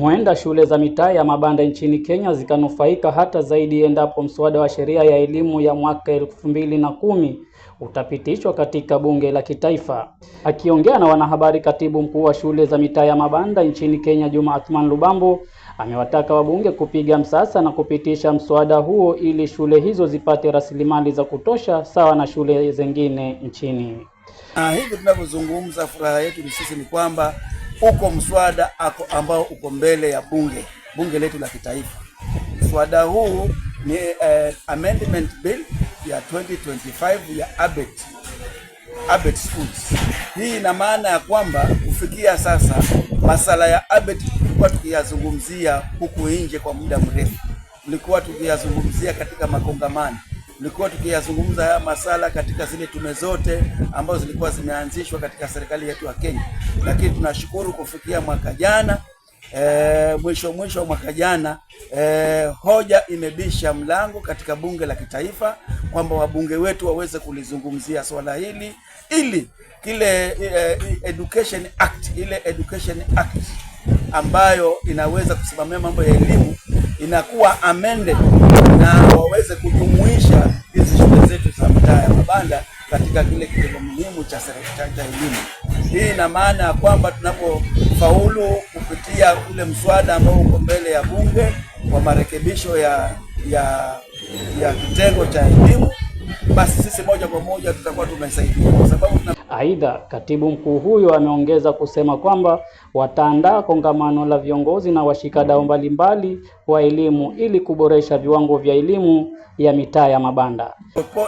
Huenda shule za mitaa ya mabanda nchini Kenya zikanufaika hata zaidi endapo mswada wa sheria ya elimu ya mwaka elfu mbili na kumi utapitishwa katika bunge la kitaifa. Akiongea na wanahabari, katibu mkuu wa shule za mitaa ya mabanda nchini Kenya, Juma Athman Lubambo, amewataka wabunge kupiga msasa na kupitisha mswada huo ili shule hizo zipate rasilimali za kutosha sawa na shule zingine nchini. Ah, hivi tunavyozungumza, furaha yetu ni sisi ni kwamba uko mswada ako ambao uko mbele ya bunge bunge letu la kitaifa. Mswada huu ni uh, amendment bill ya 2025 ya ABET, ABET schools. Hii ina maana ya kwamba kufikia sasa masala ya ABET tulikuwa tukiyazungumzia huku nje kwa muda mrefu, tulikuwa tukiyazungumzia katika makongamano tulikuwa tukiyazungumza haya masala katika zile tume zote ambazo zilikuwa zimeanzishwa katika serikali yetu ya Kenya, lakini tunashukuru kufikia mwaka jana e, mwisho mwisho wa mwaka jana e, hoja imebisha mlango katika bunge la kitaifa kwamba wabunge wetu waweze kulizungumzia swala hili ili kile e, Education Act, ile Education Act ambayo inaweza kusimamia mambo ya elimu inakuwa amende na waweze kujumuisha hizi shule zetu za mtaa ya mabanda katika kile kitengo muhimu cha serikali cha elimu. Hii ina maana ya kwamba tunapofaulu kupitia ule mswada ambao uko mbele ya bunge kwa marekebisho ya ya ya kitengo cha elimu basi sisi moja kwa moja tutakuwa tumesaidia kwa sababu tuna... Aidha, katibu mkuu huyo ameongeza kusema kwamba wataandaa kongamano la viongozi na washikadau mbalimbali wa elimu ili kuboresha viwango vya elimu ya mitaa ya mabanda.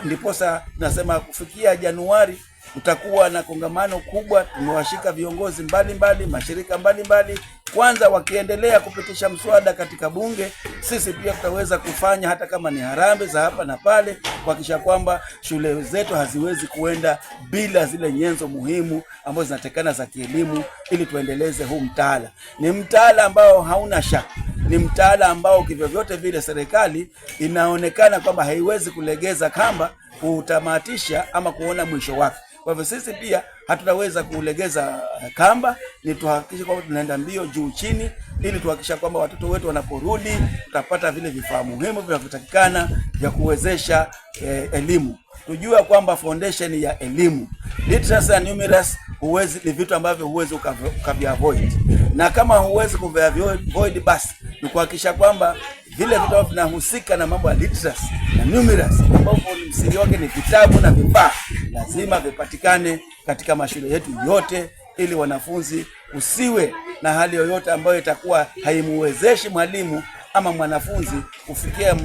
Ndiposa nasema kufikia Januari tutakuwa na kongamano kubwa. Tumewashika viongozi mbalimbali mbali, mashirika mbalimbali mbali, kwanza wakiendelea kupitisha mswada katika bunge sisi pia tutaweza kufanya hata kama ni harambee za hapa na pale, kuhakikisha kwamba shule zetu haziwezi kuenda bila zile nyenzo muhimu ambazo zinatekana za kielimu, ili tuendeleze huu mtaala. Ni mtaala ambao hauna shaka, ni mtaala ambao kivyovyote vile serikali inaonekana kwamba haiwezi kulegeza kamba kuutamatisha ama kuona mwisho wake. Kwa hivyo sisi pia hatutaweza kulegeza kamba, ni tuhakikishe kwamba tunaenda mbio juu chini, ili tuhakikisha kwamba watoto wetu wanaporudi tutapata vile vifaa muhimu vinavyotakikana vya kuwezesha eh, elimu. Tujua kwamba foundation ya elimu literacy and numeracy huwezi, ni vitu ambavyo huwezi ukaviavoid, na kama huwezi kuviavoid basi ni kuhakikisha kwamba vile vitu vinahusika na mambo ya literacy na numeracy, ambapo msingi wake ni vitabu na vifaa, lazima vipatikane katika mashule yetu yote, ili wanafunzi usiwe na hali yoyote ambayo itakuwa haimuwezeshi mwalimu ama mwanafunzi kufikia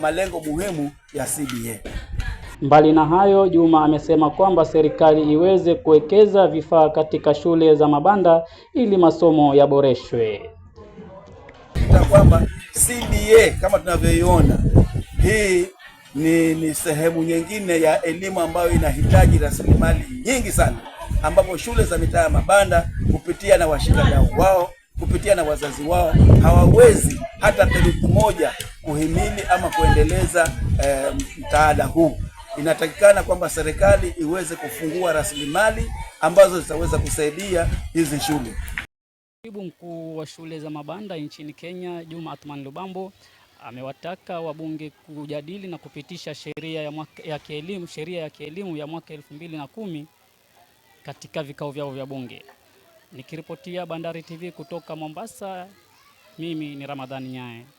malengo muhimu ya CBA. Mbali na hayo, Juma amesema kwamba serikali iweze kuwekeza vifaa katika shule za mabanda ili masomo yaboreshwe kuta kwamba CBA kama tunavyoiona hii ni, ni sehemu nyingine ya elimu ambayo inahitaji rasilimali nyingi sana, ambapo shule za mitaa ya mabanda kupitia na washikadau wao kupitia na wazazi wao hawawezi hata theluthi moja kuhimili ama kuendeleza e, eh, mtaala huu. Inatakikana kwamba serikali iweze kufungua rasilimali ambazo zitaweza kusaidia hizi shule. Katibu mkuu wa shule za mabanda nchini Kenya, Juma Athman Lubambo amewataka wabunge kujadili na kupitisha sheria ya mwaka, ya kielimu sheria ya kielimu ya mwaka elfu mbili na kumi katika vikao vyao vya bunge. Nikiripotia Bandari TV kutoka Mombasa, mimi ni Ramadhani Nyae.